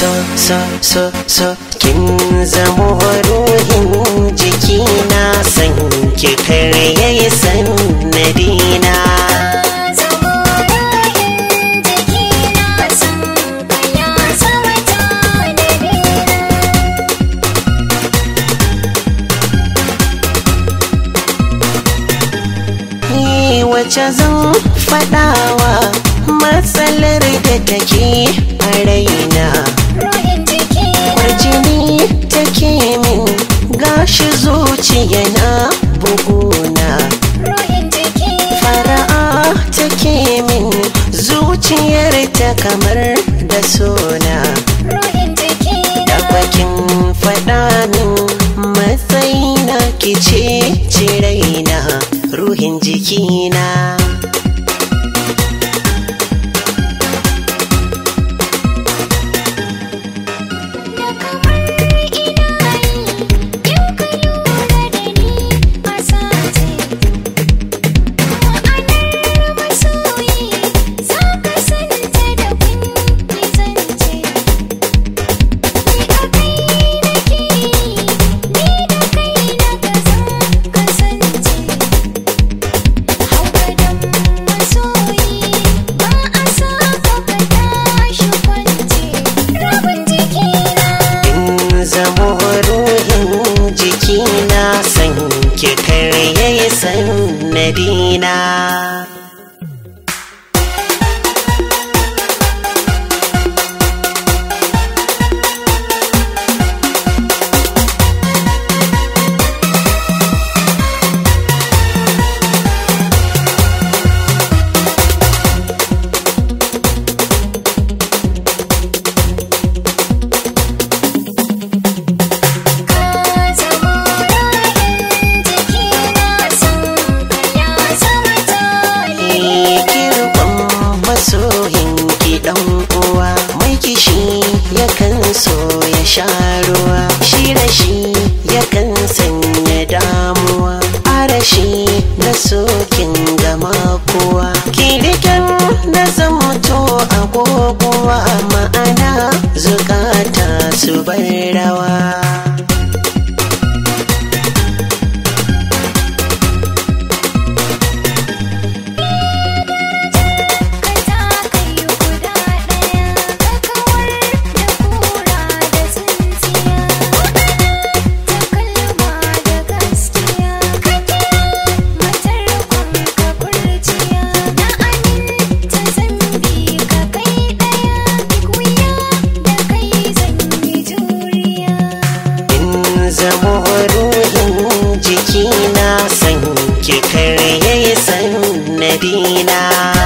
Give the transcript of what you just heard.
so so so so kin zamo ruhin jiki na san ki kare yayi sanadina Wace zan faɗawa matsalar da take zuci yana buguna fara'a take min zuciyar ta kamar da suna. da bakin faɗa min matsayi na kice na, ruhin jikina ya yi sannadina yakan so ya sha ruwa shi rashi yakan sanya damuwa a rashi na sokin gama kuwa kirikin na agogo agogowa ma'ana zukata su bar rawa san ke kare yayi san nabina